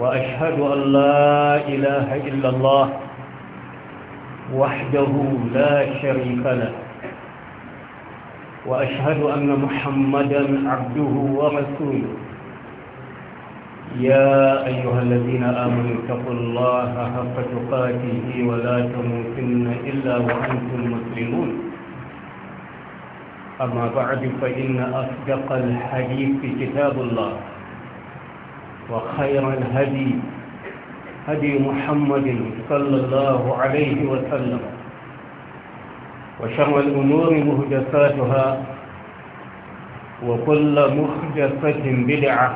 وأشهد أن لا إله إلا الله وحده لا شريك له وأشهد أن محمدا عبده ورسوله يا أيها الذين آمنوا اتقوا الله حق تقاته ولا تموتن إلا وأنتم مسلمون أما بعد فإن أصدق الحديث كتاب الله وخير الهدي هدي محمد صلى الله عليه وسلم وشر الأمور مهجساتها وكل مهجسة بدعة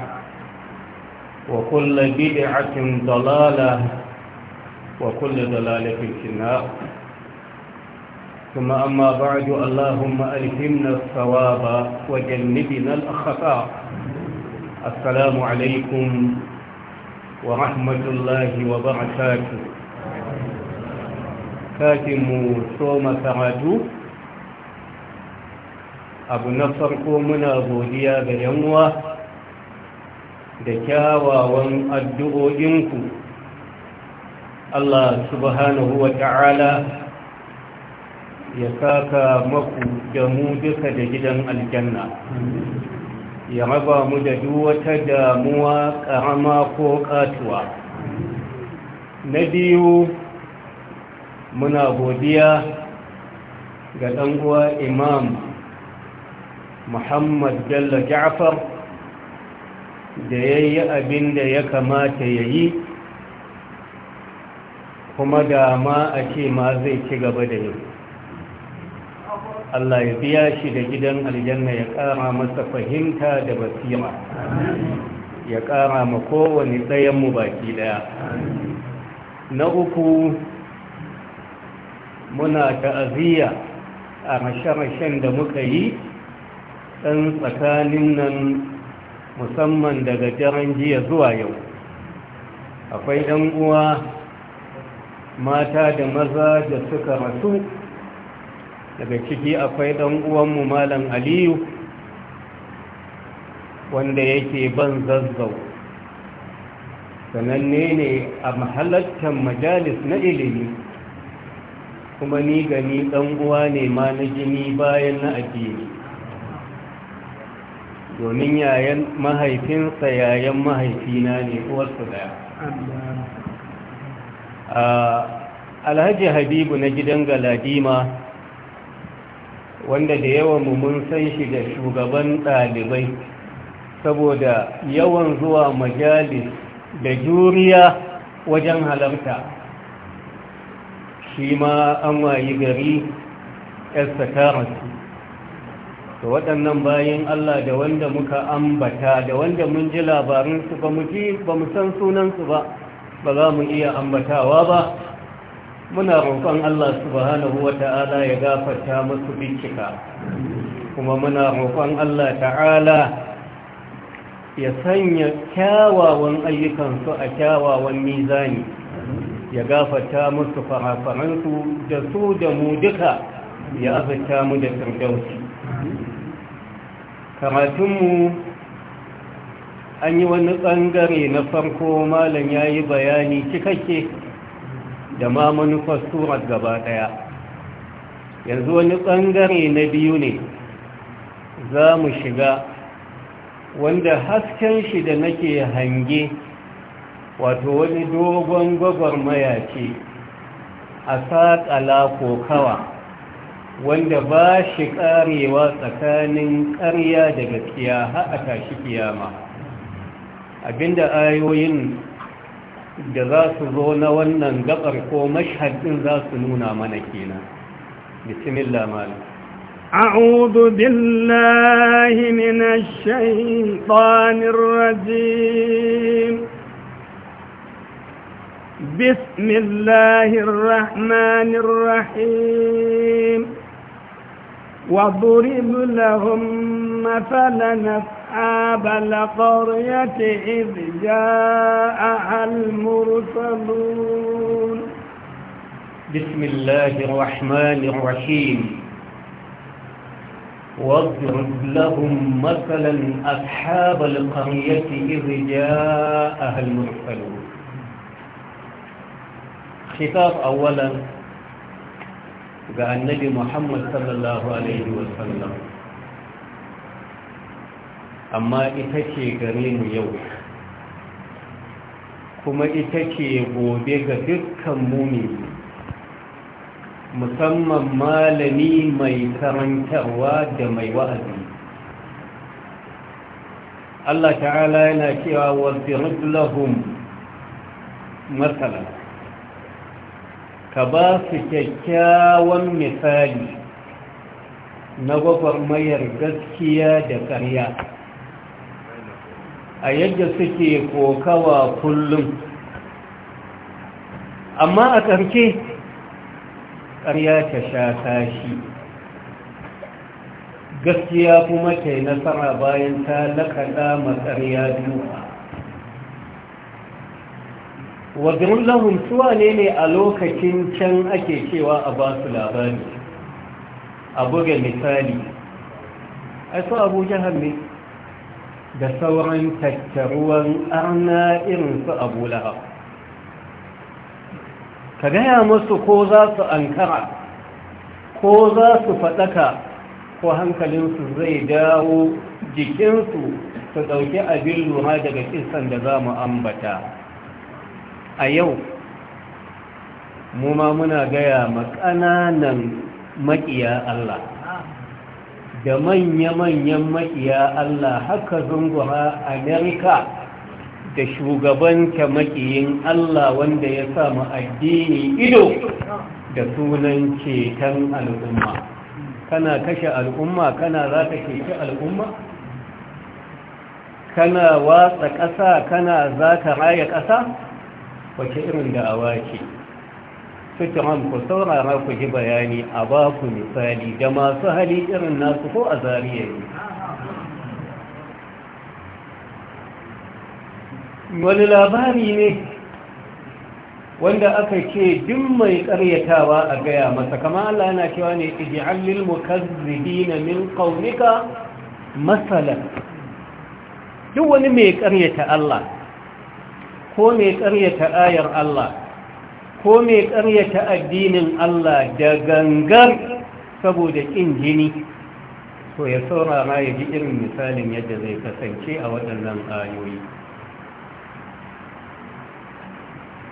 وكل بدعة ضلالة وكل ضلالة في النار ثم أما بعد اللهم ألهمنا الصواب وجنبنا الأخطاء السلام عليكم ورحمة الله وبركاته كاتم صوم فرادو abu na farko muna godiya ga yanwa da kyawawan addu'o'inku Allah subhanahu wa ta'ala ya saka maku da mu duka da gidan aljanna ya raba mu da duk wata damuwa ƙarama ko ƙatuwa. na biyu muna godiya ga ɗan uwa imam muhammad jalla ja'far da ya yi abin da ya kamata ya yi kuma dama a ce ma zai ci gaba da yau Allah ya biya shi da gidan aljanna ya ƙara masa fahimta da basira ya ƙara ma kowane mu baki ɗaya na uku muna ta'aziyya a rashe-rashen da muka yi ɗan tsakanin nan musamman daga daren jiya zuwa yau akwai ɗan uwa mata da maza da suka rasu daga ciki akwai ɗan uwanmu malam aliyu wanda yake ban zazzau sananne ne a mahalattar majalis na ilimi kuma ni gani ɗan uwa ne ma na jini bayan na addini domin yayan mahaifinsa yayan mahaifina ne uwarsu daya ah, alhaji habibu na gidan galadima wanda da yawan mu mun san shi da shugaban ɗalibai saboda yawan zuwa majalis da juriya wajen halarta shi ma an wayi gari yarsa ta da waɗannan bayan Allah da wanda muka ambata da wanda mun ji labarinsu ba mu san sunansu ba ba za mu iya ambatawa ba muna roƙon Allah subhanahu wa ta'ala ya gafarta musu bincika kuma muna roƙon Allah ta'ala ya sanya kyawawan ayyukansu a kyawawan mizani ya gafarta musu farafaransu da su da mu duka ya azurta mu da firdausi karatunmu an yi wani ɓangare na farko malam ya yi bayani cikakke da ma manufar surat gaba ɗaya yanzu wani ɓangare na biyu ne za mu shiga wanda hasken shi da nake hange wato wani dogon gwagwarmaya ce a saƙala ko kawa wanda ba shi ƙarewa tsakanin ƙarya da gaskiya har a tashi kiyama abinda ayoyin da za su zo na wannan gabar ko mashhad din za su nuna mana kenan bismillah malam a'udhu billahi minash الشيطان rajim bismillahir rahmanir rahim wa وضرب lahum mathalan أصحاب القرية إذ جاءها المرسلون بسم الله الرحمن الرحيم واضرب لهم مثلا أصحاب القرية إذ جاءها المرسلون خطاب أولا قال النبي محمد صلى الله عليه وسلم amma ita ce gare mu yau kuma ita ce gobe ga dukkan mumini musamman malami mai karantarwa da mai wa'azi Allah ta'ala yana cewa wasu lahum matsala ka ba su kyakkyawan misali na gwagwarmayar gaskiya da ƙarya a yadda suke kokawa kullum amma a ƙarke ƙarya ta sha tashi gaskiya kuma ta nasara bayan ta lakaɗa matsariya duka wajen lahun suwa ne ne a lokacin can ake cewa a ba su labari a buga misali Ai su abu jihar ne da sauran tattaruwan arna su abu lahab ka gaya musu ko za su ankara ko za su faɗaka ko hankalinsu zai dawo jikinsu su ɗauki abin lura daga kisan da za mu ambata a yau mu ma muna gaya ma ƙananan maƙiya Allah da manya-manyan maƙiya, Allah haka zungura Amerika da shugabanta makiyin Allah wanda ya samu addini ido da sunan ceton al'umma kana kashe al'umma kana za ta ceci al'umma kana watsa ƙasa kana za ta raya ƙasa wace irin da awa ce sukiran ku saurara ku ji bayani a ba ku misali da masu hali irin nasu ko a zariya ne wani labari ne wanda aka ce duk mai karyatawa a gaya masa kama Allah yana cewa ne ij'al lil mukazzibina min qawmika masalan duk wani mai karyata Allah ko mai karyata ayar Allah ko mai ta addinin Allah da gangan saboda ƙin jini to ya saurara ya ji irin misalin yadda zai kasance a waɗannan ayoyi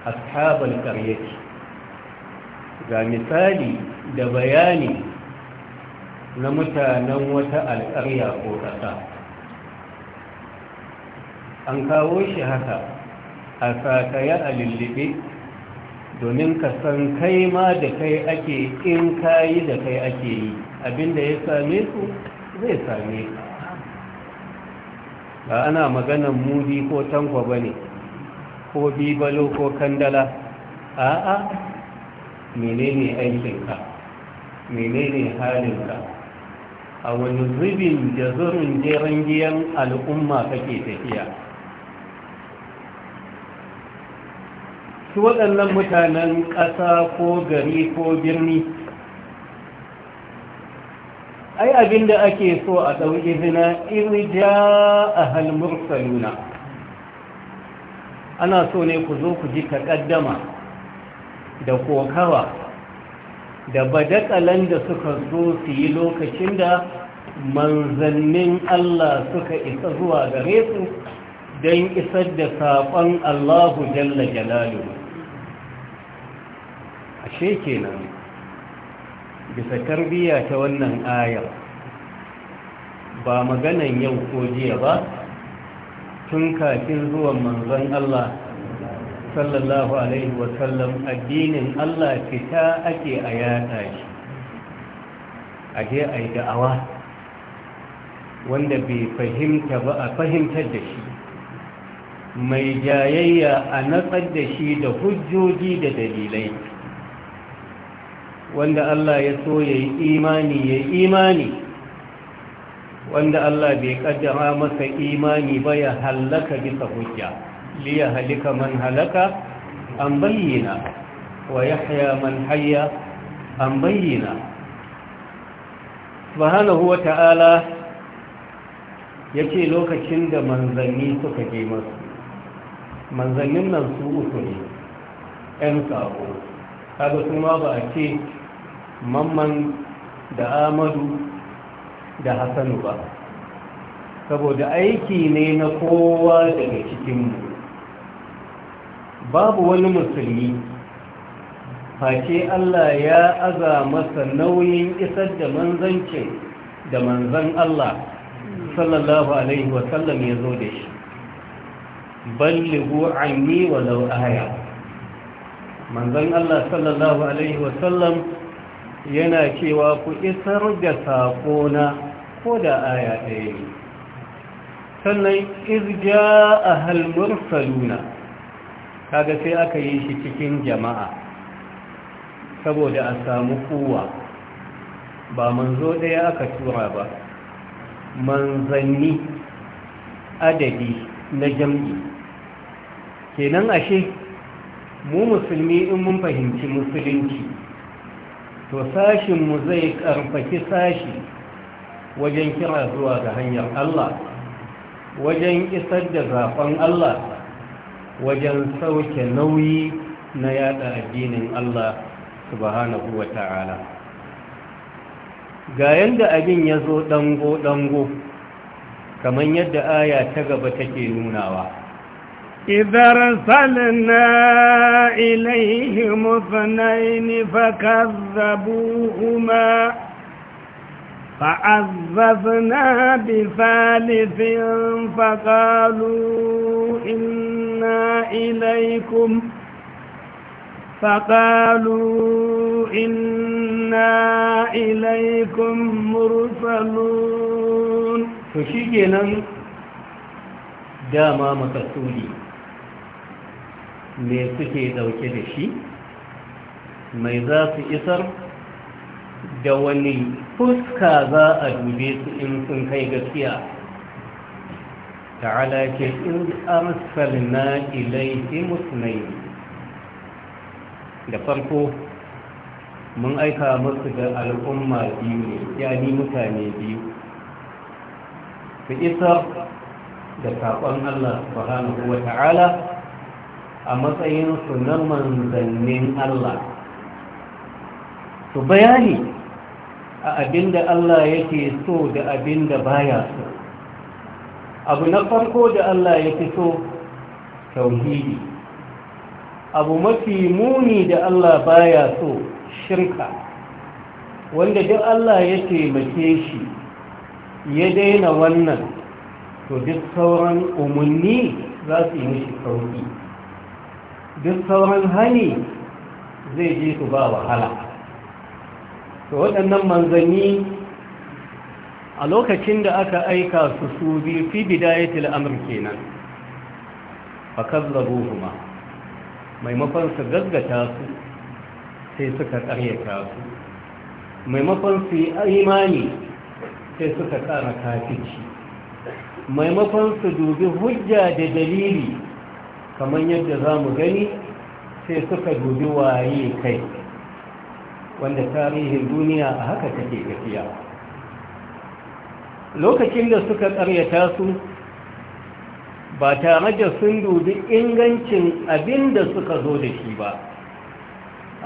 ashabar ƙaryaci ga misali da bayani na mutanen wata alƙarya ko ƙasa an kawo shi haka a sakaya a lullube domin ka san kai ma da kai ake in kayi da kai ake yi abinda ya same su zai same ka ba ana maganan mudi ko tankwa ba ne ko bibalo ko kandala a'a menene aikinka menene halinka a wani zubin da zurin jirangiyar giyan al'umma kake tafiya su waɗannan mutanen ƙasa ko gari ko birni ai abinda ake so a ɗau izina irja a halmur saluna ana so ne ku zo ku ji taƙaddama da kokawa da badakalan da suka zo su yi lokacin da manzannin Allah suka isa zuwa gare su don isar da saƙon Allahu jalla jalaluhu ashe kenan bisa tarbiyya ta wannan ayar ba maganan yau ko jiya ba tun kafin zuwan manzon Allah sallallahu alaihi wasallam addinin Allah fita ake a yada shi a je a yi da'awa wanda bai fahimta ba a fahimtar da shi mai jayayya a natsar da shi da hujjoji da dalilai wanda Allah ya so ya yi imani ya yi imani wanda Allah bai kaddara masa imani ba ya halaka bisa hujja ya halika man halaka an bayyana wa yahya man hayya an bayyana subhanahu wa ta'ala yake lokacin da manzanni suka je masu manzannin nan su uku ne 'yan sabo kaga kuma ba a ce mamman da amadu da hasanu ba saboda aiki ne na kowa daga cikinmu babu wani musulmi face Allah ya aza masa nauyin isar da manzancin da manzan Allah sallallahu alaihi wasallam ya zo da shi ballighu anni walau aya manzan Allah sallallahu alaihi wasallam yana cewa ku isar da saƙona ko da aya ɗaya ne sannan izja a halmur saluna kaga sai aka yi shi cikin jama'a saboda a samu kowa ba manzo ɗaya aka tura ba manzanni adadi na jam'i kenan ashe mu musulmi in mun fahimci musulunci to sashinmu zai karfaki sashi wajen kira zuwa ga hanyar Allah wajen isar da zafon Allah wajen sauke nauyi na yada addinin Allah subhanahu wa ta'ala ga yanda abin ya zo dango-dango kamar yadda aya ta gaba take nunawa إذا رسلنا إليهم اثنين فكذبوهما فعذبنا بثالث فقالوا إنا إليكم فقالوا إنا إليكم مرسلون فشيكنا داما مكسولين me suke dauke da shi mai za su isar da wani fuska za a dube su in sun kai gaskiya ta'ala ke in arsalna ilaihi musnai da farko mun aika musu da al'umma biyu ne yani mutane biyu su isar da saƙon Allah subhanahu wa ta'ala a su na manzannin Allah su bayani a abinda Allah yake so da abinda baya so abu na farko da Allah yake so tauhidi abu mafi muni da Allah baya so shirka wanda duk Allah ya taimake shi ya daina wannan to duk sauran umarni za su yi mishi sauki duk sauran hani zai je su ba wahala to waɗannan manzanni a lokacin da aka aika su su biyu fi bidayatul amr kenan fa kuma maimakon su gaggata su sai suka ƙaryata su maimakon su yi imani sai suka ƙara kafici maimakon su dubi hujja da dalili kamar yadda za mu gani sai suka dubi waye kai wanda tarihin duniya a haka take tafiya lokacin da suka karyata su ba tare da sun dubi ingancin abin da suka zo da shi ba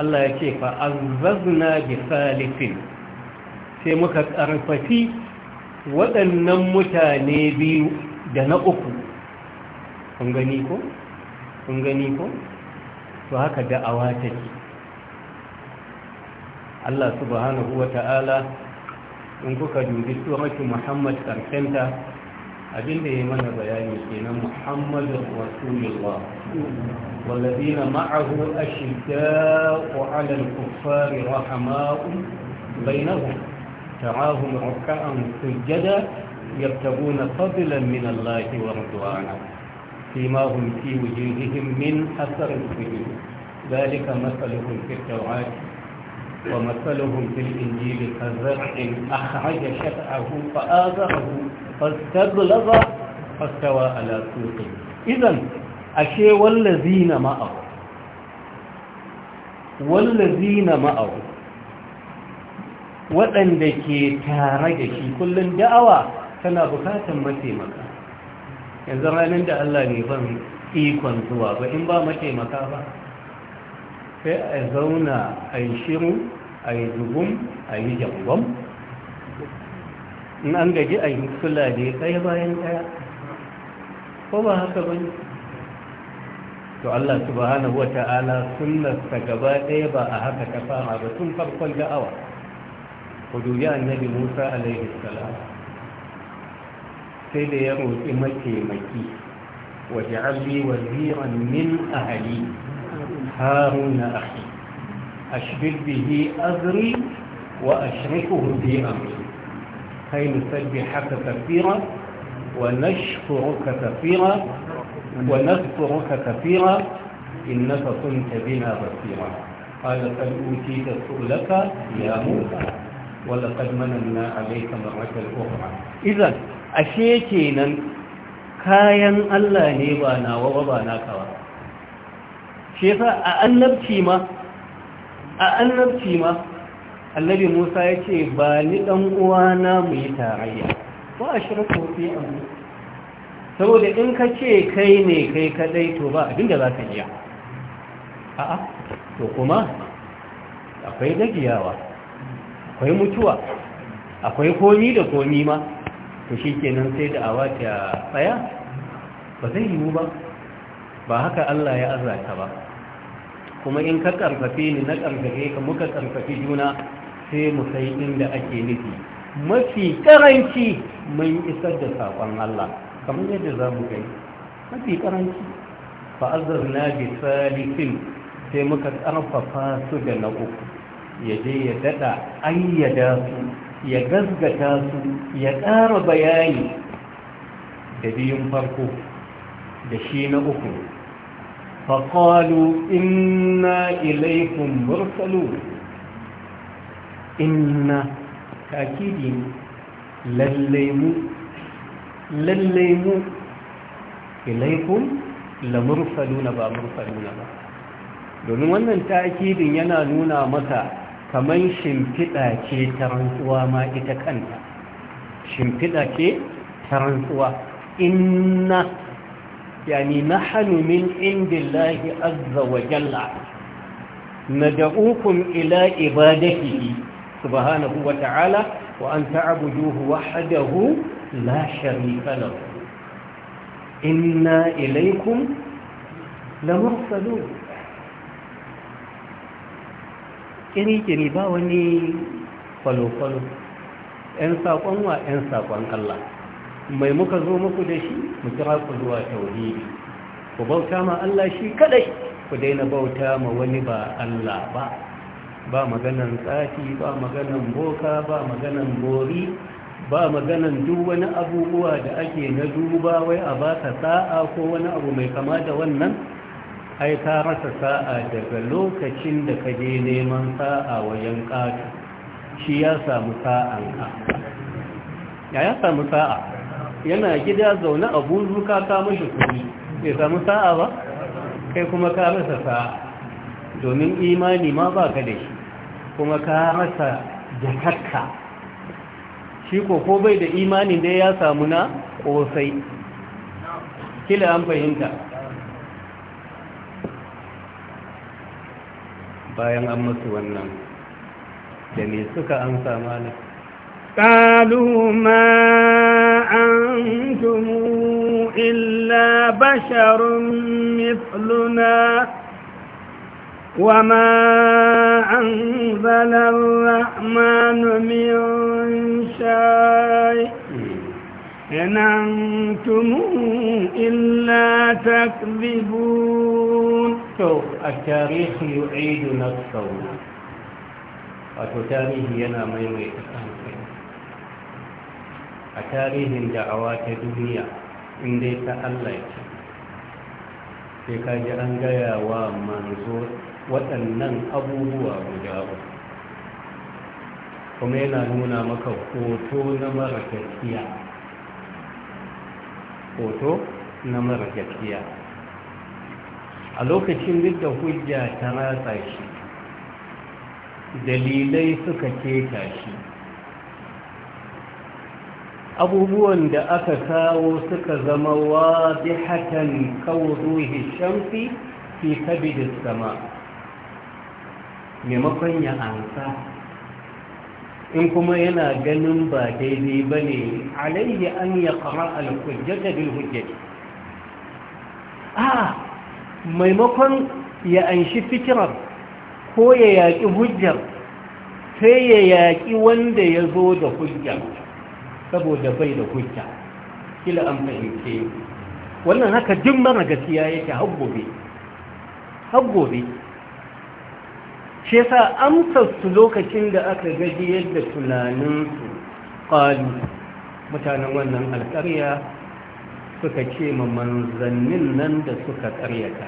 Allah ya ce fa an zazna bi salifin sai muka ƙarfafi waɗannan mutane biyu da na uku kun gani ko? kun gani ko to haka da'awa take Allah subhanahu wa ta'ala in kuka dubi suratu Muhammad karkanta abinda ya mana bayani kenan Muhammadur Rasulullah walladina ma'ahu ashidda'u 'alal kuffari rahama'u bainahum tarahum ruk'an sujada yabtaguna fadlan min Allah wa ridwana سيماهم في وجوههم من أثر السجود ذلك مثلهم في التوراة ومثلهم في الإنجيل كزرع أخرج شفعه فآذره فاستغلظ فاستوى على سوقه إذا أشي والذين معه والذين معه waɗanda ke tare da shi kullum da'awa tana bukatan mataimaka yanzu ranar da Allah ne ban ikon zuwa ba in ba mataimaka ba sai a zauna a yi shiru a yi zubun a yi jangon in an gaji a yi ɗaya bayan ɗaya ko ba haka ba ne to Allah subhanahu wata'ala sunnarsa gaba ɗaya ba a haka ta fara ba tun farkon da'awa ku dubi annabi Musa alaihi salam sai da ya roƙi mataimaki waje alli waziran min ahali haruna ahi ashbir bihi azri wa ashrikuhu fi amri kai nusabbihaka kathira wa nashkuruka kathira wa nadhkuruka kathira innaka kunta bina basira قال قد أوتيت سؤلك يا موسى ولقد مننا عليك مرة أخرى إذا ashe kenan kayan Allah ne ba wa ba ba na ba shi yasa a annabci ma a annabci ma annabi Musa ya ce ba ni dan uwana mu yi tarayya ba a shirku fi amma saboda in ka ce kai ne kai kadai to ba abinda za ka a a'a to kuma akwai dagiyawa akwai mutuwa akwai komi da komi ma to shi kenan sai da awa ta tsaya ba zai yiwu ba ba haka Allah ya azata ba kuma in ka karfafe ni na karfafe ka muka karfafi juna sai mu sai inda ake nufi mafi karanci mun isar da saƙon Allah kamar yadda za mu kai mafi karanci fa azarna bi salifin, sai muka karfafa su da na uku ya je ya dada ayyada su ya gazgata su ya ƙara bayani da biyun farko da shi na uku faƙalu inna ilaikun mursalu inna takidi lallai mu lallai mu ilaikun la na, ba na ba domin wannan takidin yana nuna masa kamar shimfiɗa ke ta ma ita kanta shimfiɗa ke ta rantsuwa inna yani na hannumin indillahi azza wa jalla na da'ukun ila ibadahi subhanahu wa ta'ala wa an ta'abuduhu wahdahu la sharika inna ilaikum lamursalun kiri-kiri ba wani falo-falo 'yan saƙon wa 'yan saƙon Allah mai muka zo muku da shi mu kira ku zuwa tauhidi ku bauta ma Allah shi kaɗai. ku daina bauta ma wani ba Allah ba ba maganan tsafi ba maganan boka ba maganan bori ba maganan duk wani abubuwa da ake na duba wai a baka sa'a ko wani abu mai kama da wannan ai ta rasa sa'a daga lokacin da ka je neman sa'a wajen ƙata shi ya samu sa'anka ya ya samu sa'a yana gida zaune a buzu ka kama shi kuri bai samu sa'a ba kai kuma ka rasa sa'a domin imani ma ba ka da shi kuma ka rasa jakarka shi ko ko bai da imanin da ya samu na ƙosai kila an fahimta bayan an mutu wannan da ne suka amsa mana ƙalu ma an tumu illa basharun mifluna wama an zalar rahmanu min shayi hmm. yanan tumu illa takzibun to a tarihi yu'idu nafsahu wato tarihi yana maimaita kansa a tarihin da'awa ta duniya inda ta Allah ce sai ka ji an gaya wa manzo waɗannan abubuwa guda kuma yana nuna maka hoto na mara gaskiya hoto na mara gaskiya a lokacin duk da hujja ta ratsa shi dalilai suka keta shi abubuwan da aka kawo suka zama wa hatan kawruhi shamfi fi kabidis sama maimakon ya ansa in kuma yana ganin ba daidai ba ne alayya an ya kama alkujjata bil a ah, maimakon ya anshi fikirar ko ya yaƙi hujjar sai ya yaƙi wanda ya zo da hujjar saboda bai da hujja kila an fahimce wannan haka duk mara gaskiya yake haggobe haggobe sa amsarsu lokacin da aka gaji yadda tunaninsu ƙalu mutanen wannan alƙarya suka ce ma manzannin nan da suka karyata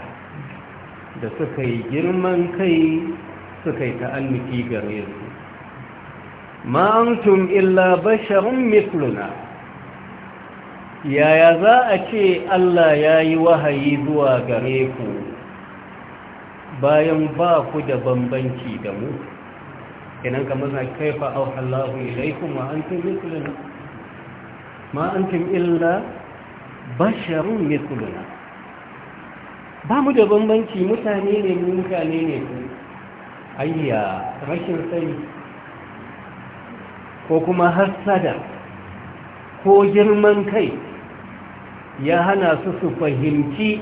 da suka yi girman kai suka yi ta'annuki gare su ma illa basharun misluna yaya za a ce Allah ya yi wahayi zuwa gare ku bayan ba ku da bambanci da mu idan kamar na kaifa auhallahu ilaikum ma illa basharun mithluna ba mu da bambanci mutane ne mu mutane ne ku ayya rashin sani ko kuma hassada ko girman kai ya hana su su fahimci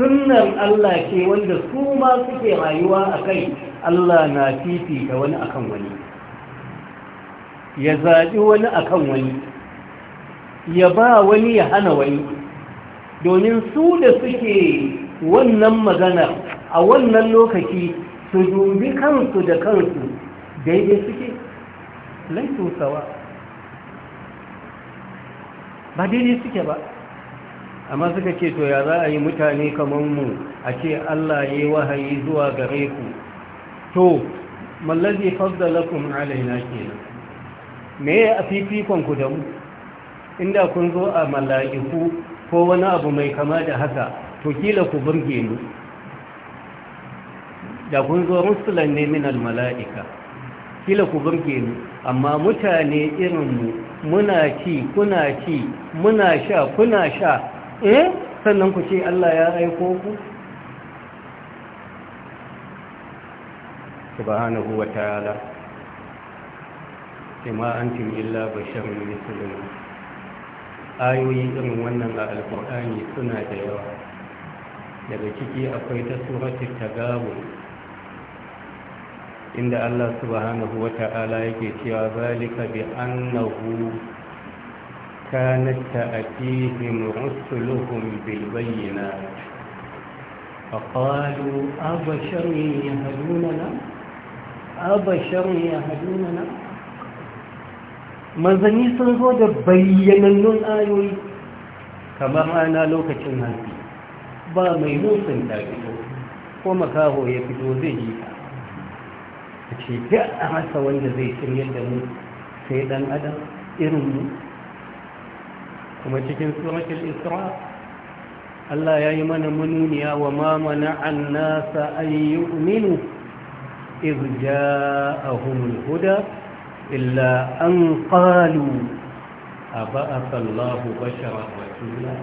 sunan Allah ke wanda su ma suke rayuwa a kai Allah na fifita wani akan wani ya zaɓi wani akan wani ya ba wani ya hana wani domin su da suke wannan magana a wannan lokaci su dubi kansu da kansu daidai suke laifin sawa ba daidai suke ba amma suka ce to ya za a yi mutane kamar mu a ce Allah ya yi wahayi zuwa gare ku to mallazi faddalakum alaina kenan me ya fifikon ku da mu inda kun zo a mala'iku ko wani abu mai kama da haka to kila ku burge mu da kun zo rusulan ne min almala'ika kila ku burge mu amma mutane irinmu muna ci kuna ci muna sha kuna sha eh sannan ku ce Allah ya aiko ku subhanahu wa ta'ala kuma antum illa basharun mithluna ayoyi irin wannan a alkur'ani suna da yawa daga ciki akwai ta suratul tagabun inda Allah subhanahu ta'ala yake cewa zalika bi annahu kanat ta'tihim rusuluhum bil bayyinat فقالوا أبشر يهدوننا أبشر يهدوننا manzanni sun zo da bayyanannun ayoyi kamar ana lokacin hannu ba mai musun ta fito ko makaho ya fito zai yi ta a ce ga a masa wanda zai shiryar da mu sai dan adam irin mu kuma cikin suratul isra Allah ya yi mana manuniya wa ma annasa nasa an yu'minu iz ja'ahumul huda illa an qalu aba'atha Allahu basharan rasula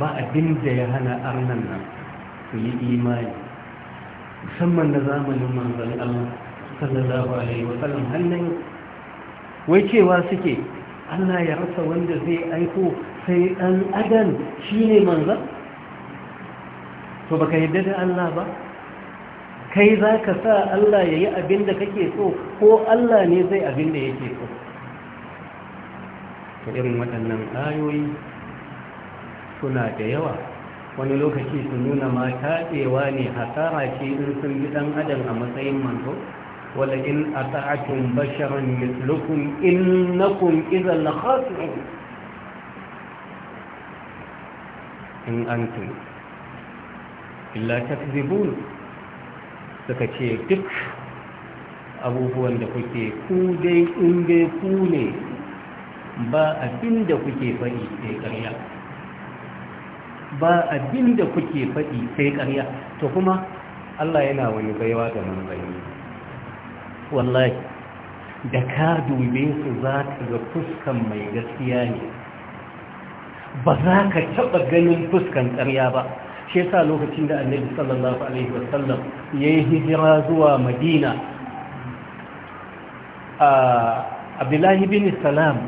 ba abin da ya hana arnan nan su yi imani musamman da zamanin manzon Allah sallallahu alaihi wa sallam hannan wai cewa suke Allah ya rasa wanda zai aiko sai dan adam shine manzon to baka yadda da Allah ba kai za ka sa Allah ya yi abin da kake so ko Allah ne zai abin da yake so ta irin waɗannan ayoyi suna da yawa wani lokaci su nuna ma taɓewa ne hasara ce in sun bi ɗan adam a matsayin manzo wala in a ta'atun basharan mislukun innakum izan na in an tuni illa ta suka ce duk abubuwan da kuke ku dai in dai ku ne ba abin da kuke faɗi sai ƙarya ba abin da kuke faɗi sai ƙarya to kuma Allah yana wani baiwa ga manzanni wallahi da ka dube su za ka ga fuskan mai gaskiya ne ba za ka taɓa ganin fuskan ƙarya ba ke sa lokacin da annabi sallallahu alaihi wasallam ya yi hijira zuwa madina a abdullahi bin salam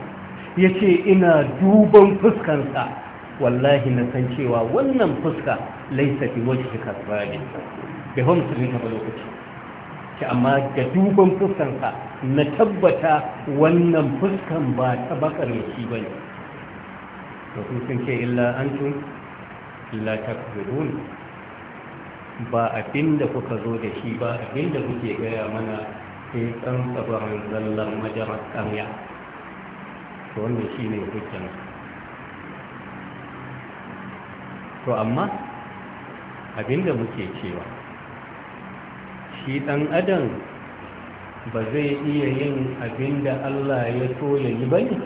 ya ce ina duban fuskansa wallahi na san cewa wannan fuska laisa fi kasuwa ne. bai hau musulmi ba lokaci Ke amma ga duban fuskansa na tabbata wannan fuskan ba ta bakar yaki ba ne da sun ce illa an tun ila takfurun ba abinda kuka zo da shi ba abinda kuke gaya mana sai kan tsabarin zallar majarar ƙarya to wannan shi ne hujjan to amma abinda muke cewa shi ɗan adam ba zai iya yin abinda Allah ya so ya yi ba ne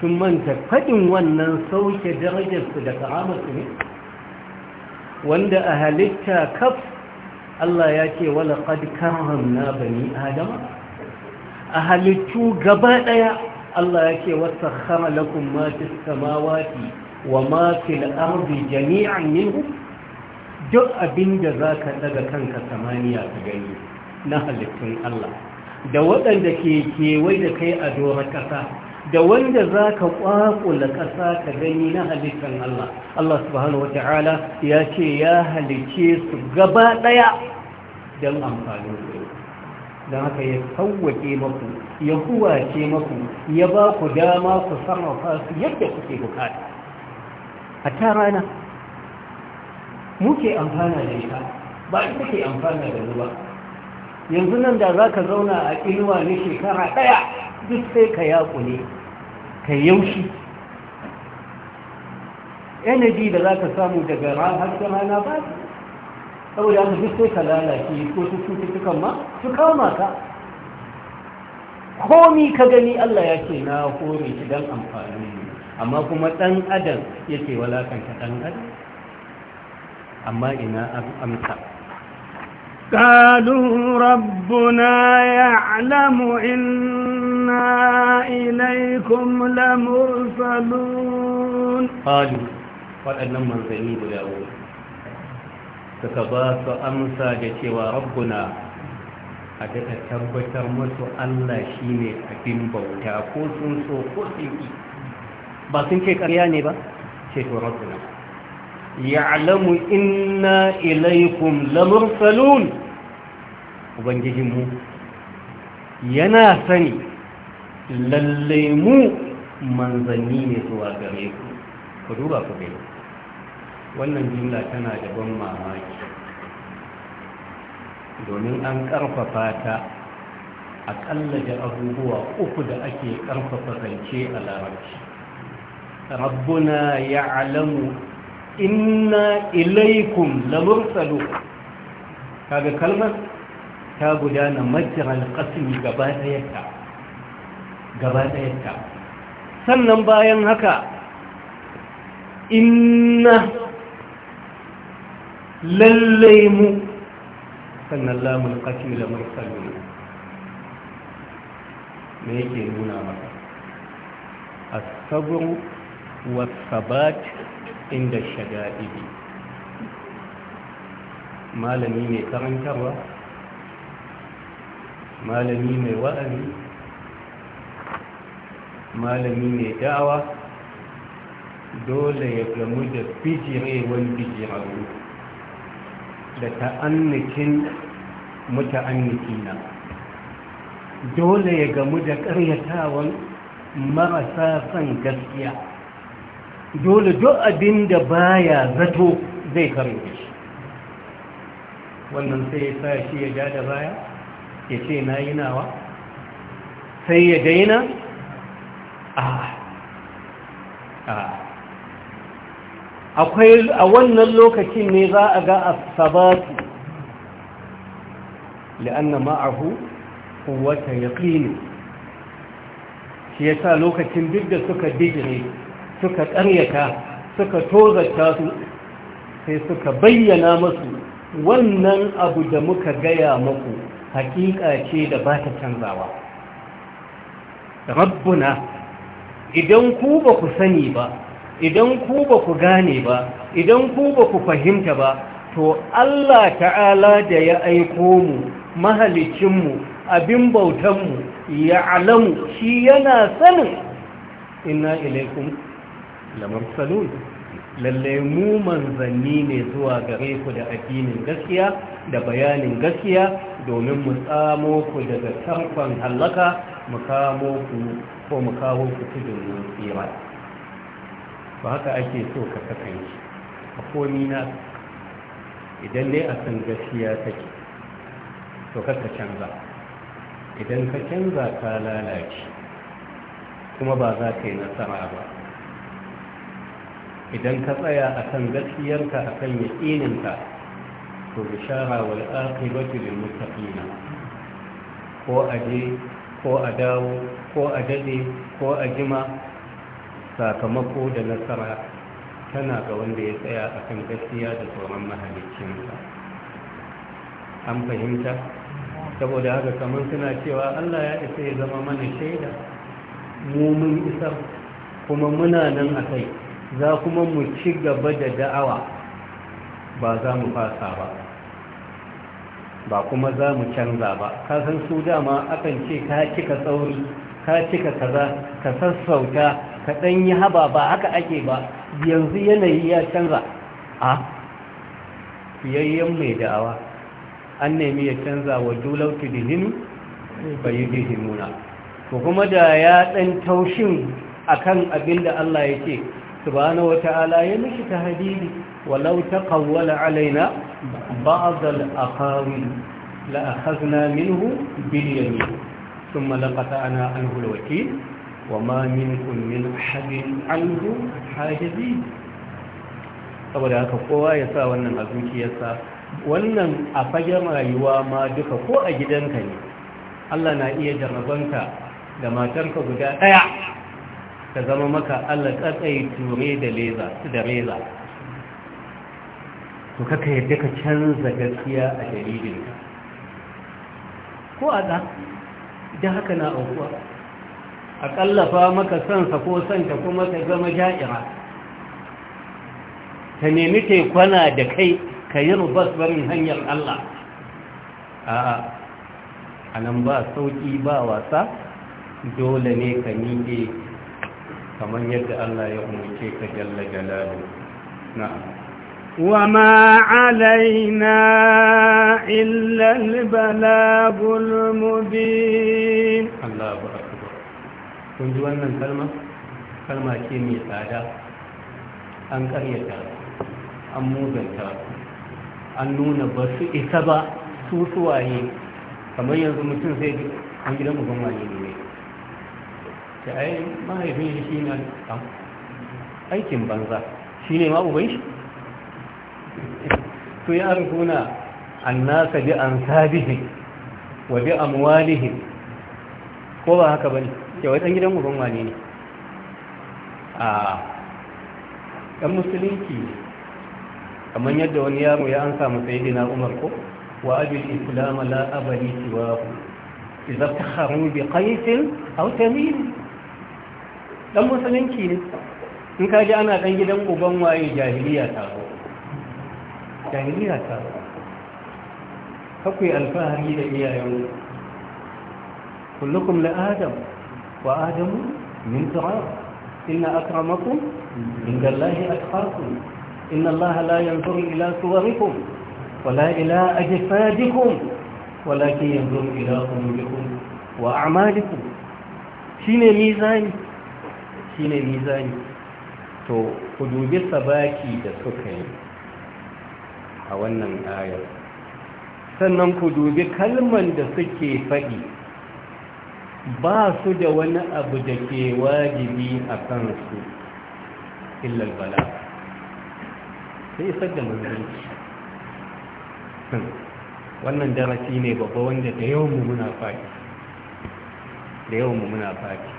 sun manta faɗin wannan sauke darajarsu da karamarsu ne wanda a halitta kaf Allah ya ce wala qad karramna bani adama a halittu gaba ɗaya Allah ya ce wasakhara lakum ma samawati wa ma fil jami'an minhu duk abinda zaka daga kanka samaniya su gani na halittun Allah da waɗanda ke kewaye da kai a doron ƙasa da wanda za ka kwakula ƙasa ka gani na halittar Allah Allah subhanahu wa ta'ala ya ce ya halice su gaba ɗaya don amfanin su don haka ya sauwake maku ya huwace maku ya ba ku dama ku sarrafa su yadda kuke bukata a ta rana muke amfana da ita ba a ke amfana da ruwa yanzu nan da za ka zauna a inuwa ne shekara ɗaya duk sai ka ne ka yaushi energy da za ka samu daga hasken rana ba saboda yanzu duk sai ka lalace ko su cututtukan ma su kama ka komi ka gani Allah ya ce na hore shi don amfani amma kuma ɗan adam yake ce walakanta ɗan adam amma ina an amsa قالوا ربنا يعلم إنا إليكم لمرسلون قالوا waɗannan manzanni guda uku suka ba su amsa da cewa rabbuna a daga tabbatar musu Allah shi ne abin bauta ko sun so ba ne ba ce ya'lamu inna ilaikum lamursalun ubangijinmu yana sani lalle mu manzanni ne zuwa gare ku ku duba ku gani wannan jimla tana da ban mamaki domin an karfafa ta aƙalla da abubuwa uku da ake karfafa zance a larabci rabbuna ya'lamu inna ilaikum lamursalu kaga kalmar ta gudana majiral qasmi gaba dayanta gaba dayanta sannan bayan haka inna lallai mu sannan lamun qasmi lamursalu me yake nuna maka as-sabr was-sabat inda shaga'ibi malami mai karantarwa malami mai wa'azi malami mai da'wa, dole ya gamu da bijirewar bijirarru da ta'annikin muta'annikina dole ya gamu da ƙaryatawan marasa son gaskiya dole duk abin da baya zato zai kare shi wannan sai ya sa shi ya ja da baya ya ce na yi nawa sai ya daina a akwai a wannan lokacin ne za a ga a asabatu la'anna ma'ahu kuwata ne. shi ya sa lokacin duk da suka digire suka ƙaryata suka tozata su sai suka bayyana masu wannan abu da muka gaya maku hakika ce da ba ta canzawa rabbuna idan ku ba ku sani ba idan ku ba ku gane ba idan ku ba ku fahimta ba to Allah ta'ala da ya aiko mu mahalicin mu, abin bautanmu ya alamu shi yana sanin inna ilaikum mursalun lalle mu manzanni ne zuwa gare ku da addinin gaskiya da bayanin gaskiya domin mu tsamo ku daga tarkon hallaka mu kamo ku ko mu kawo ku tudun tsira ba haka ake so ka kasance a na idan dai a san gaskiya take to ka canza idan ka canza ka lalace kuma ba za ka yi nasara ba idan ka tsaya akan gaskiyarka akan yaƙininka to bishara ba aqibatu lil muttaqina ko aje ko a dawo ko a daɗe, ko a jima sakamako da nasara tana ga wanda ya tsaya akan gaskiya da tsoron mahalicinsa an fahimta saboda haka kamar suna cewa Allah ya isa ya zama mana shaida mu mun isar kuma muna nan a kai za kuma mu ci gaba da da'awa ba za mu fasa ba ba kuma za mu canza ba kasan su dama akan ce ka cika tsauri ka cika kaza ka sassauta ka ɗan yi haba ba haka ake ba yanzu yanayi ya canza a fiyayyen mai da'awa an nemi ya canza wa dulautu da hinu bai yi hinuna ko kuma da ya ɗan taushin akan abin da Allah ya ce wata ala ya mishi tahdidi walau taqawwala alaina ba'd al-aqawil la akhadna minhu bil yamin thumma laqata'na anhu al-wakil wama minkum min ahadin anhu hajizin saboda haka kowa ya sa wannan a zuciyarsa wannan a fagen rayuwa ma duka ko a gidanka ne Allah na iya jarrabanka da matarka guda ɗaya Ka zama maka katsayi ture da leza da reza to kaka yadda ka canza gaskiya a ka? ko a idan haka na aukuwa a ƙallafa maka sansa ko santa kuma ta zama ja'ira ta nemi taikwana da kai ka yi rubas barin hanyar Allah a nan ba sauƙi ba wasa dole ne ka nige kamar yadda Allah ya umarce ka jalla jalalu na'am وما علينا إلا البلاغ المبين Kun ji wannan kalma, kalma ce mai tsada. an karyata an muganta an nuna ba su isa ba su suwaye kamar yanzu mutum sai an gidan uban waye ne ta ai mahaifin shi na aikin banza shi ne ma uban shi yi ya an nasa bi an sabihi wa bi amwalihi ko ba haka bane ke wajen gidan uban wane ne a ɗan musulunci kamar yadda wani yaro ya ansa masa yadda umar ko wa abin islam la abali ku zafi takharu bi qais aw tamim dan musulunci ne in ka ji ana dan gidan uban waye jahiliya ta zo jahiliya ta zo kakwai alfahari da iyayen kullukum la adam wa adamu min turab inna akramakum inda allahi atqakum inna allaha la yanzuru ila suwarikum ولا إلى أجسادكم ولكن ينظر إلى قلوبكم وأعمالكم شين ميزاني shine mizani to ku dubi sabaki da suka yi a wannan ayar sannan ku dubi kalman da suke faɗi ba su da wani abu da ke wajibi a kansu illal bala sai isar da manzanci wannan darasi ne babba wanda da yawan mummuna muna faɗi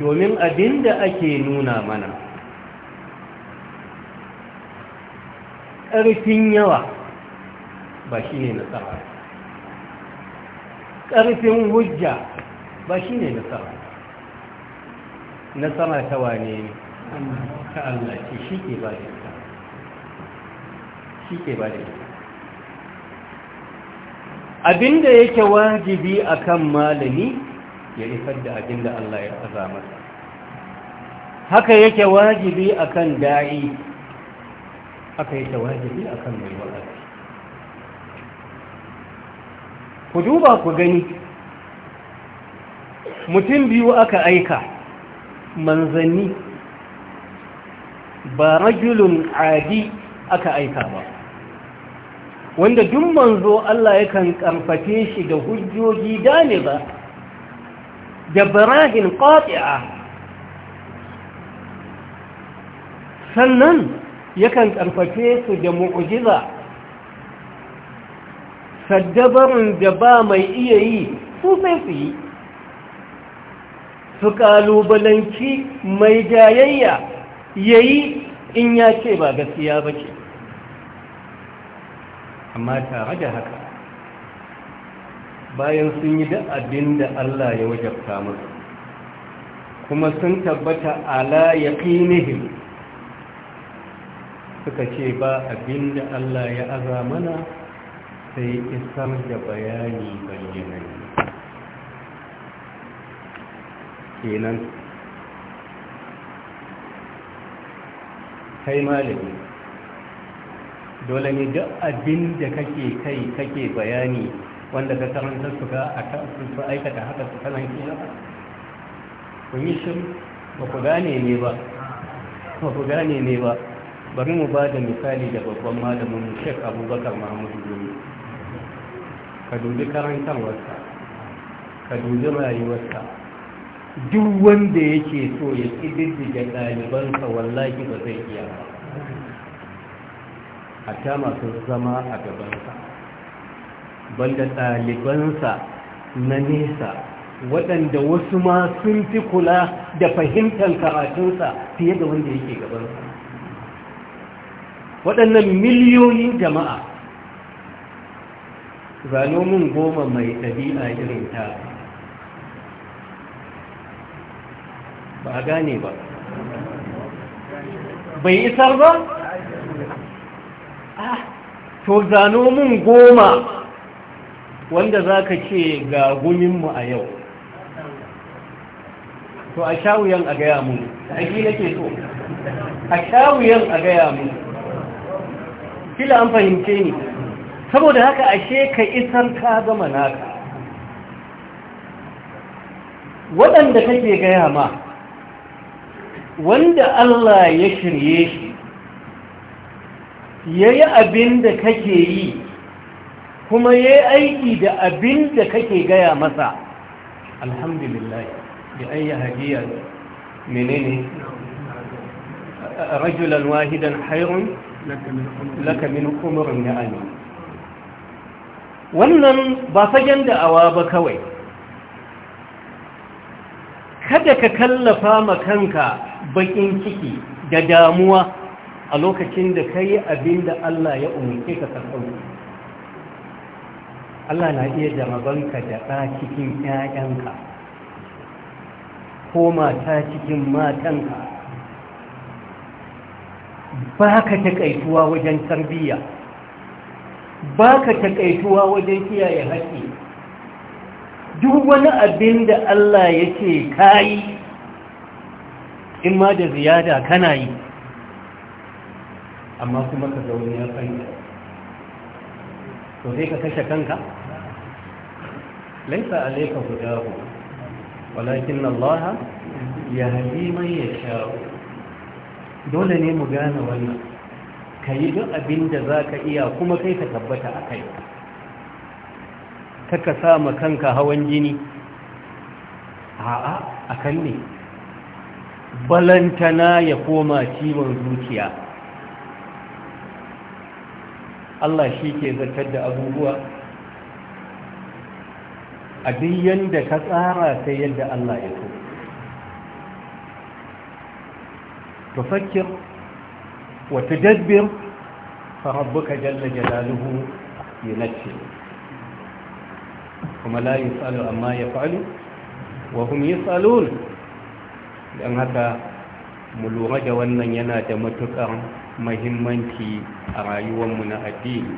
domin abin da ake nuna mana ƙarfin yawa ba shi ne nasara ƙarfin hujja ba shi ne nasara nasara ta wane ne ta Allah ce shi ke ba da ita shi ke ba da ita da yake wajibi a kan malami ya isar da abin da Allah ya tsara masa haka yake wajibi akan da'i haka yake wajibi akan mai wa'azi ku duba ku gani mutum biyu aka aika manzanni ba rajulun adi aka aika ba wanda duk manzo Allah yakan kamfate shi da hujjoji dane ba da barahin ƙwaƙi'a sannan yakan ƙarfafe su da mu'ujiza saddabarin da ba mai iya yi su su yi su ƙalubalanci mai jayayya ya yi in ya ce ba gaskiya ba ce amma tare da haka bayan sun yi da abin da Allah ya wajabta musu kuma sun tabbata ala yaqinihim suka ce ba abin da Allah ya aza mana sai isar da bayani bayanai. kenan kai malami dole ne duk abin da kake kai kake bayani wanda ka karanta su ga a su aikata haka su kanan ke ba kun yi shi ba ku gane ne ba ba ku gane ne ba bari mu ba da misali da babban malamin shek abubakar mahmudu gumi ka dubi karantar wasa ka dubi rayuwarsa duk wanda yake so ya ƙididdiga ɗalibansa wallahi ba zai iya ba ta masu zama a gabansa banda ɗalibansa na nesa waɗanda wasu ma sun fi kula da fahimtar karatunsa fiye da wanda yake gabansa waɗannan miliyoyin jama'a zano min goma mai ɗabi'a irin ta ba a gane ba bai isar ba? Ah, to zano min goma wanda za ka ce ga guminmu a yau to a shawuyan a gaya mu a nake so a shawuyan a gaya mu kila an fahimce ni saboda haka ashe ka isar ka gama naka waɗanda kake gaya ma wanda Allah ya shirye shi ya yi abin da kake yi kuma ya aiki da abin da kake gaya masa alhamdulillah da an yi hajiyar menene rajulan wahidan hairun laka min umurin ya ami wannan ba fagen da'awa ba kawai kada ka kallafa ma kanka bakin ciki da damuwa a lokacin da ka yi abin da Allah ya umarce ka karɓar Allah na iya jarabanka da ɗa cikin ‘ya'yanka ko mata cikin matanka ba ka taƙaituwa wajen tarbiyya ba ka taƙaituwa wajen kiyaye haƙƙi duk wani abin da Allah ya ce ka yi in ma da ziyada kana yi amma kuma ka zaune ya fahimta sau sai ka kashe kanka laisa alayka hudahu walakin Allah ya hadi man yasha dole ne mu gane wannan kai duk abin da zaka iya kuma kai ka tabbata akai kaka sa ma kanka hawan jini a'a akan ne balantana ya koma ciwon zuciya Allah shi ke zartar da abubuwa abin yadda ka tsara sai yadda Allah ya so tufakkir wata tudabbir fa rabbuka jalla jalaluhu yunatti kuma la tsalo amma yaf'alu wa hum yusalun dan haka mu lura da wannan yana da matukar muhimmanci a rayuwarmu na addini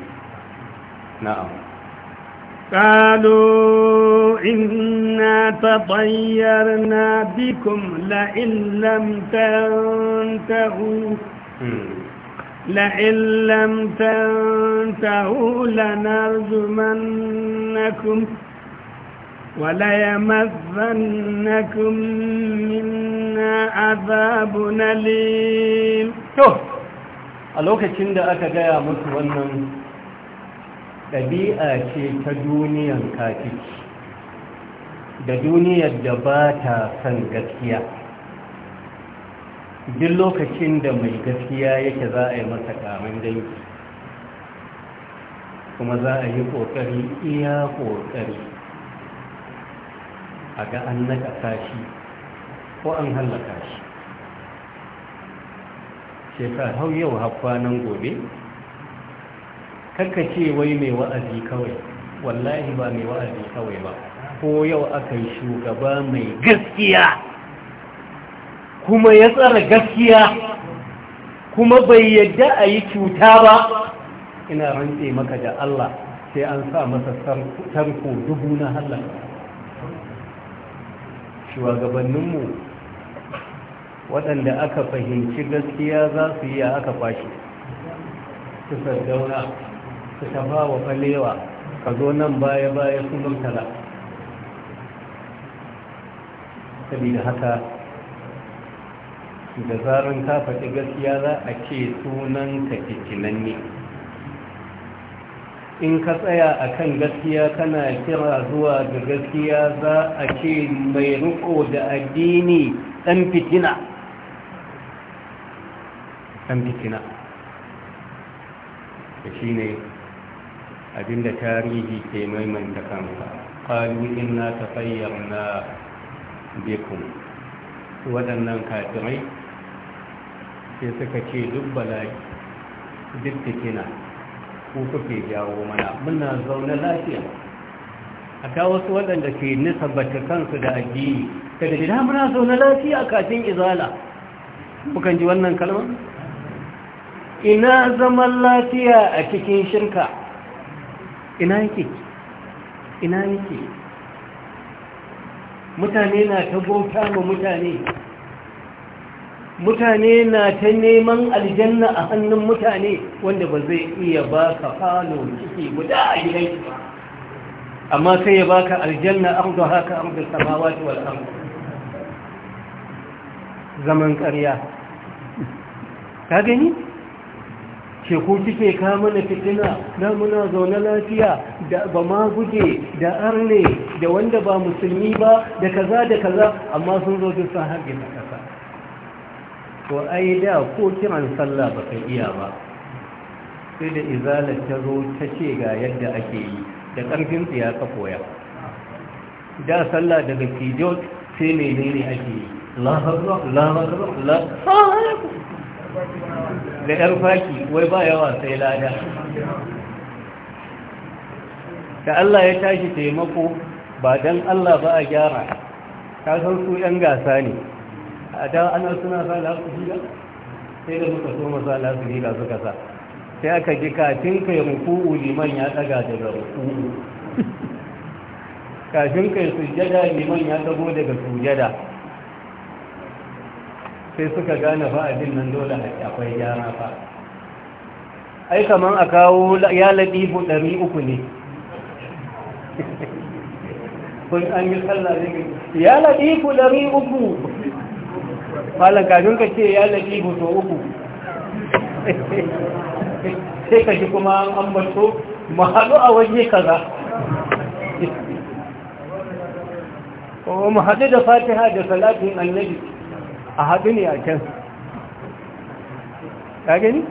na'am قالوا إنا تطيرنا بكم لئن لم تنتهوا لئن لم تنتهوا لنرجمنكم وليمذنكم منا عذاب أليم. a lokacin da aka gaya musu wannan ɗabi'a ce ta duniyan kafici da duniyar da ba ta son gaskiya duk lokacin da mai gaskiya yake za a yi masa kamun dangi kuma za a yi ƙoƙari iya ƙoƙari a ga an naƙa kashi ko an hallaka shi shekar hau yau nan gobe ce wai mai wa'azi kawai wallahi ba mai wa'azi kawai ba ko yau aka yi shugaba mai gaskiya kuma ya tsara gaskiya kuma bai yadda a yi cuta ba ina rantse maka da Allah sai an sa masa tarko dubu na hallar shugabanninmu waɗanda aka fahimci gaskiya za su yi aka fashi su sardauna su tafa wa falewa ka zo nan baya-baya su murtala sabida haka da zarar ka faɗi gaskiya za a ce sunan ka ne in ka tsaya a kan gaskiya kana kira zuwa ga gaskiya za a ce mai riko da addini ɗan fitina ɗan fitina da shi ne abinda tarihi ke maimanta kansa qalu inna na bikum waɗannan kafirai sai suka ce duk bala'i duk fitina ko kuke jawo mana muna zaune lafiya a ta wasu waɗanda ke nisa nisabata kansu da addini da gida muna zaune lafiya kafin izala kukan ji wannan kalmar ina zaman lafiya a cikin shirka ina yake ina yake mutane na ta bauta ma mutane mutane na ta neman aljanna a hannun mutane wanda ba zai iya ba ka falo ciki guda a gidan amma sai ya baka aljanna ardu haka ardu samawati wal ardu zaman ƙarya ka gani Ke ku kike ka mana fitina na muna zaune lafiya da ba ma guje da arne da wanda ba musulmi ba da kaza da kaza amma sun zo duk sun harbe na kasa to ai da ko kiran sallah ba ka iya ba sai da izalar ta zo ta ce ga yadda ake yi da karfin ya ka koya da sallah daga fijot sai menene ake yi da ɗan faki wai ba yawa sai lada da Allah ya tashi taimako ba don Allah ba a gyara ta san su ɗan gasa ne a ta ana suna sa lafiya sai da muka so masa lafiya suka sa sai aka ji kafin kai ruku'u liman ya ɗaga daga ruku. kafin kai sujjada liman ya dago daga sujjada sai suka gane fa abin nan dole akwai gyara fa ai kaman a kawo ya ladifu ɗari uku ne kun an yi sallah ne ya ladifu ɗari uku falon kajin ka ce ya ladifu to uku sai ka ji kuma an bato mahalu a waje kaza ko mu da fatiha da salatin annabi a haɗu ne a can ka gani?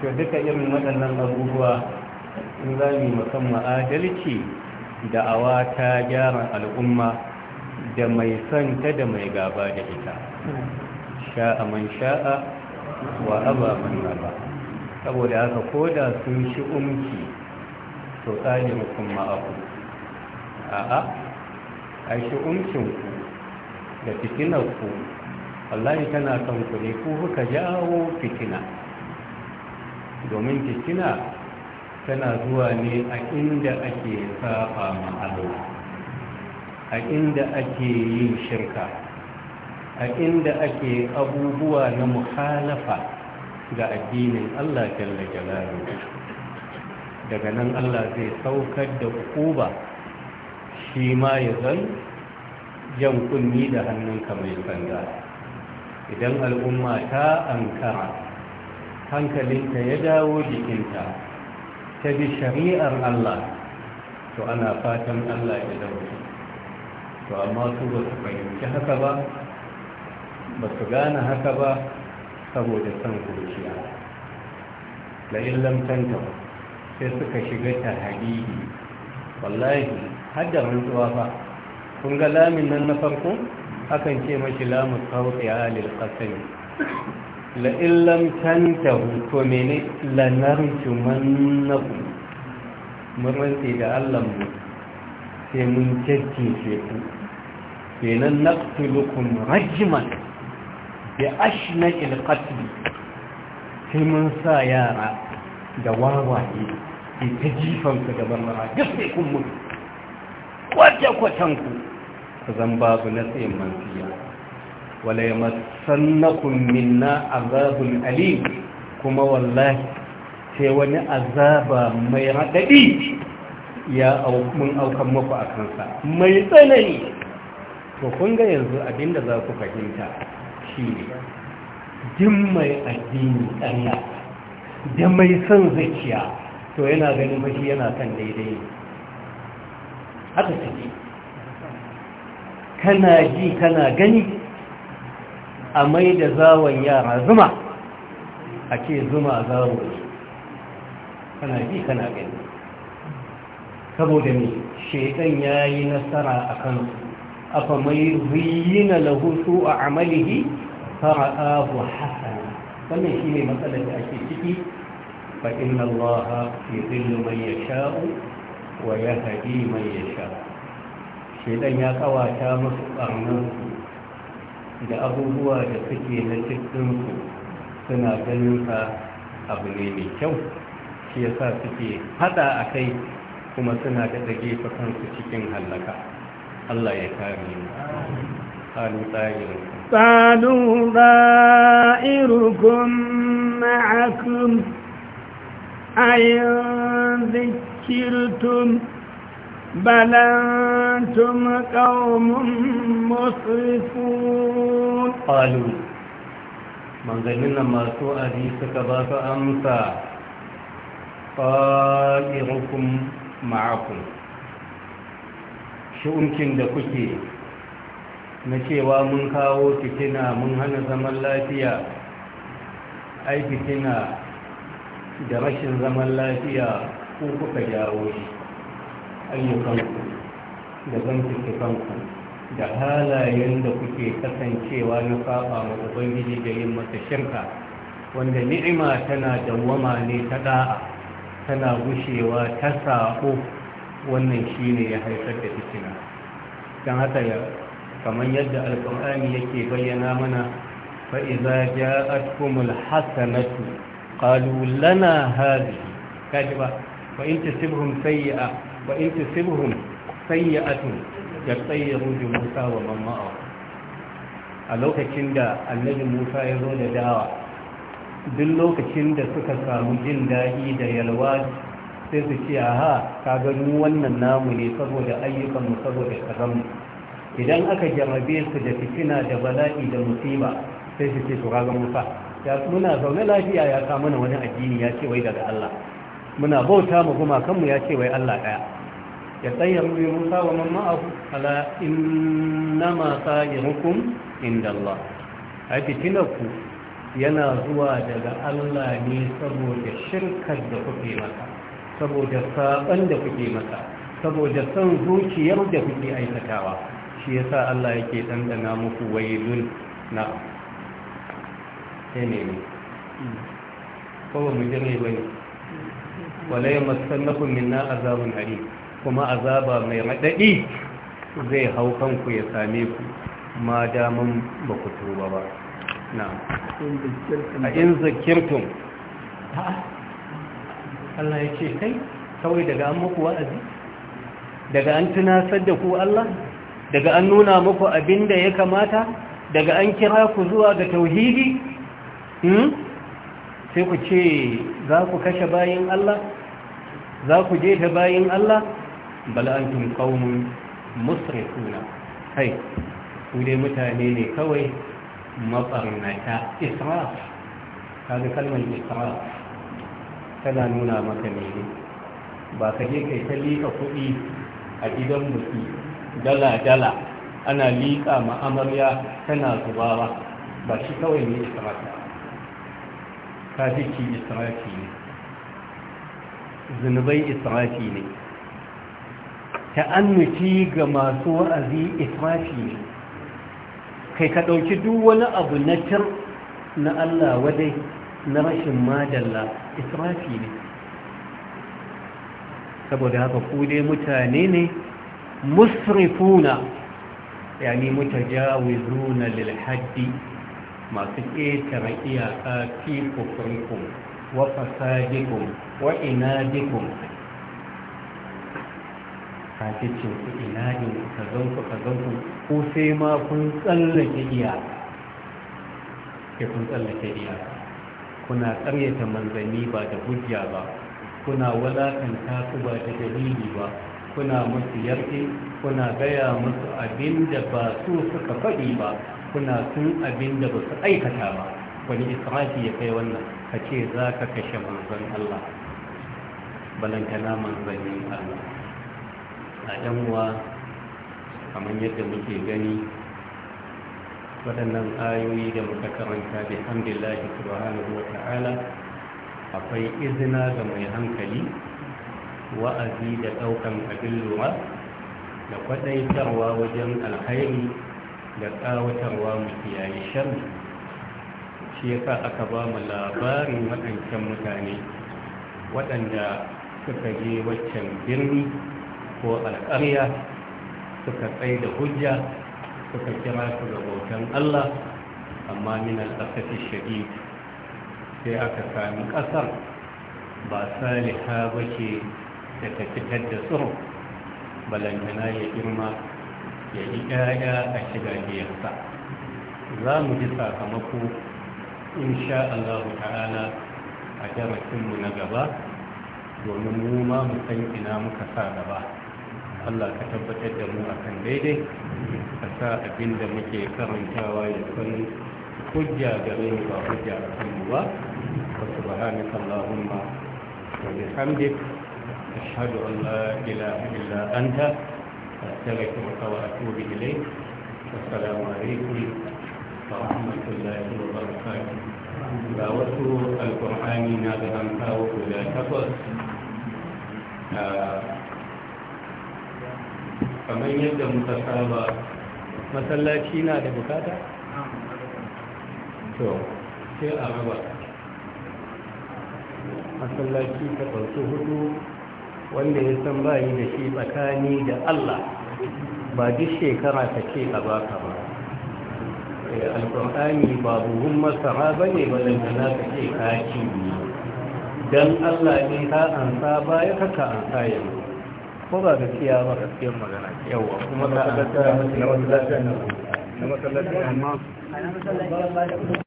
to duka irin waɗannan abubuwa in za mu musamman adalci awa ta gyaran al'umma da mai santa da mai gaba da ita sha'a man sha'a wa ababen gaba saboda haka ko da sun shi umki to tsarin kuma abu a'a a shi umkinku da fitinar ku wallahi tana son ku ne ku kuka jawo fitina domin fitina tana zuwa ne a inda ake saba ma a inda ake yin shirka a inda ake abubuwa na muhalafa ga addinin Allah jalla daga nan Allah zai saukar da kuba shi ma ya zan jan kunni da hannunka mai sanda idan al'umma ta ankara hankalinta ya dawo jikinta ta bi shari'ar Allah to ana fatan Allah ya dawo to amma su ba su fahimci haka ba ba su gane haka ba saboda son kurciya la'in lamtanta sai suka shiga ta wallahi har da rantsuwa ba kun ga lamin nan na farko akan ce mashi lamun sauƙi a halil ƙasari la'illam tantahu to mene lanarci mannaku murmanci da allanmu sai mun jajjefe ku kenan naqtulukum rajman bi na qatl sai mun sa yara da wawaye ke ta jifan ku gaban mara gaske kun mutu kwace kwatanku zan babu na tsayin mantiya wala ya matsannakun minna azabun Ali? kuma wallahi sai wani azaba mai raɗaɗi ya mun aukan maku a kansa mai tsanani to kunga yanzu abinda za ku fahimta shi ne jin mai addini tsanya da mai son zakiya to yana ganin mafi yana kan daidai haka suke kana ji kana gani a mai da zawon yara zuma a ce zuma zawo kana ji kana gani saboda mai shekan ya yi nasara a kan afa mai zuyina lahusu a amalihi fara'ahu hasana wannan shi ne matsalar da ake ciki fa'in Allah fi zillu mai ya sha'u wa ya haɗi mai ya sha'u shaidan ya kawata musu ɓarnansu da abubuwa da suke na cikinsu suna ganin ka abu ne mai kyau shi yasa suke hada a kai kuma suna da dage fa kansu cikin hallaka Allah ya kare mu قالوا طائركم قالوا ra'irukum ma'akum أئن ذكرتم بل أنتم قوم مسرفون قالوا من ظننا ما سوء أديسك باس أمسى طائركم معكم umkin da kuke na cewa mun kawo fitina mun hana zaman lafiya ai fitina da rashin zaman lafiya ko kuka jawo shi ayyukanku da zantukanku da halayen da kuke kasancewa na faɓa ma ubangiji da yin masa shirka wanda ni'ima tana dawwama ne ta da'a tana gushewa ta sako wannan shine ya haifar da fitina don haka ya kamar yadda alkur'ani yake bayyana mana fa'iza ja'atkumul hasanatu qalu lana hadhihi kaji ba fa in tasibhum sayyi'a Ba in tusibhum sayyi'atun yatsayyaru bi Musa wa man a lokacin da annabi Musa ya zo da dawa duk lokacin da suka samu jin daɗi da yalwa sai su ce aha ka gani wannan namu ne saboda ayyukanmu saboda karamu?' idan aka jarabe su da fitina da bala'i da musiba sai su ce su kaga musa ya muna zaune lafiya ya sa mana wani addini ya ce wai daga Allah muna bauta mu kuma kanmu ya ce wai Allah ɗaya ya tsayyaru bi Musa wa man ma'ahu ala innama sa'irukum inda Allah a ku yana zuwa daga Allah ne saboda shirkar da kuke maka saboda saban da kuke maka saboda son zuciyar da kuke aikatawa shi yasa Allah yake dandana muku wailun na sai ne ko mu jira wani wala ya yamassannakum minna azabun alim kuma azaba mai madadi zai hau kanku ya same ku ma daman ba ku tuba ba na'am a in zakirtum Allah ya ce kai kawai daga an muku wa'azi daga an tunasar da ku Allah daga an nuna muku abin da ya kamata daga an kira ku zuwa ga tauhidi hmm? sai ku ce za ku kashe bayin Allah za ku je ta bayin Allah bala'antun antum qaumun kai ku dai mutane ne kawai mabarnata israf ga kalmar israf tana nuna maka ne ba ka je kai ta liƙa kuɗi a gidan musu dala dala ana liƙa ma'amarya tana zubawa ba shi kawai ne israf kafirci israfi ne zunubai israfi ne ta'annuci ga masu wa'azi israfi ne kai ka ɗauki duk wani abu na tir na Allah wadai na rashin madalla israfi ne saboda haka ku dai mutane ne musrifuna yani mutajawizuna lil haddi masu ƙetare iyaka fi kufurikun wa fasadikun wa inadikun kafin ku inadin ku kazanku zanku ko sai ma kun tsallake iyaka ke kun tsallake iyaka kuna ƙaryata manzanni ba da hujja ba kuna walakanta su ba da dalili ba kuna musu yarki kuna gaya musu abin da ba su suka faɗi ba Kuna sun abin da ba su aikata ba wani israfi ya kai wannan ka ce za ka kashe manzon Allah balantana manzannin Allah a yan kamar yadda muke gani waɗannan ayoyi da muka karanta da hamdillahi subhanahu wa ta'ala akwai izina ga mai hankali wa'azi da ɗaukan abin lura da kwaɗaitarwa wajen alhairi da ƙawatarwa mu kiyaye shan shi yasa aka ba mu labarin waɗancan mutane waɗanda suka je waccan birni ko alƙarya suka tsaye da hujja suka kira su ga bautan Allah amma min al'asafi shaɗi sai aka sami ƙasar ba saliha ba ce da tafi da tsoro balantana ya girma ya yi ɗaya a shiga biyarsa za mu ji sakamako insha Allah ta'ala a darasinmu na gaba domin mu ma mu san ina muka sa gaba Allah ka tabbatar da mu a kan daidai ka sa abin da muke karantawa ya san hujja gare mu ba hujja a mu ba wa subhanaka allahumma wa bihamdik ashhadu an la ilaha illa anta أستغفرك وأتوب إليك والسلام عليكم ورحمة الله وبركاته ga wasu alkur'ani na da an kawo guda takwas kamar yadda muka saba masallaci na da bukata? to sai a raba masallaci ta ɗauki hudu wanda ya san bayi da shi tsakani da Allah ba duk shekara ta ce a baka ba eh, alƙur'ani ba buhun masara ba ne balantana ta ce ka ci biyu don Allah ne ka ansa baya an ansa yanzu ko ba siya ba gaskiyar magana yawa kuma ka ansa na masallacin amma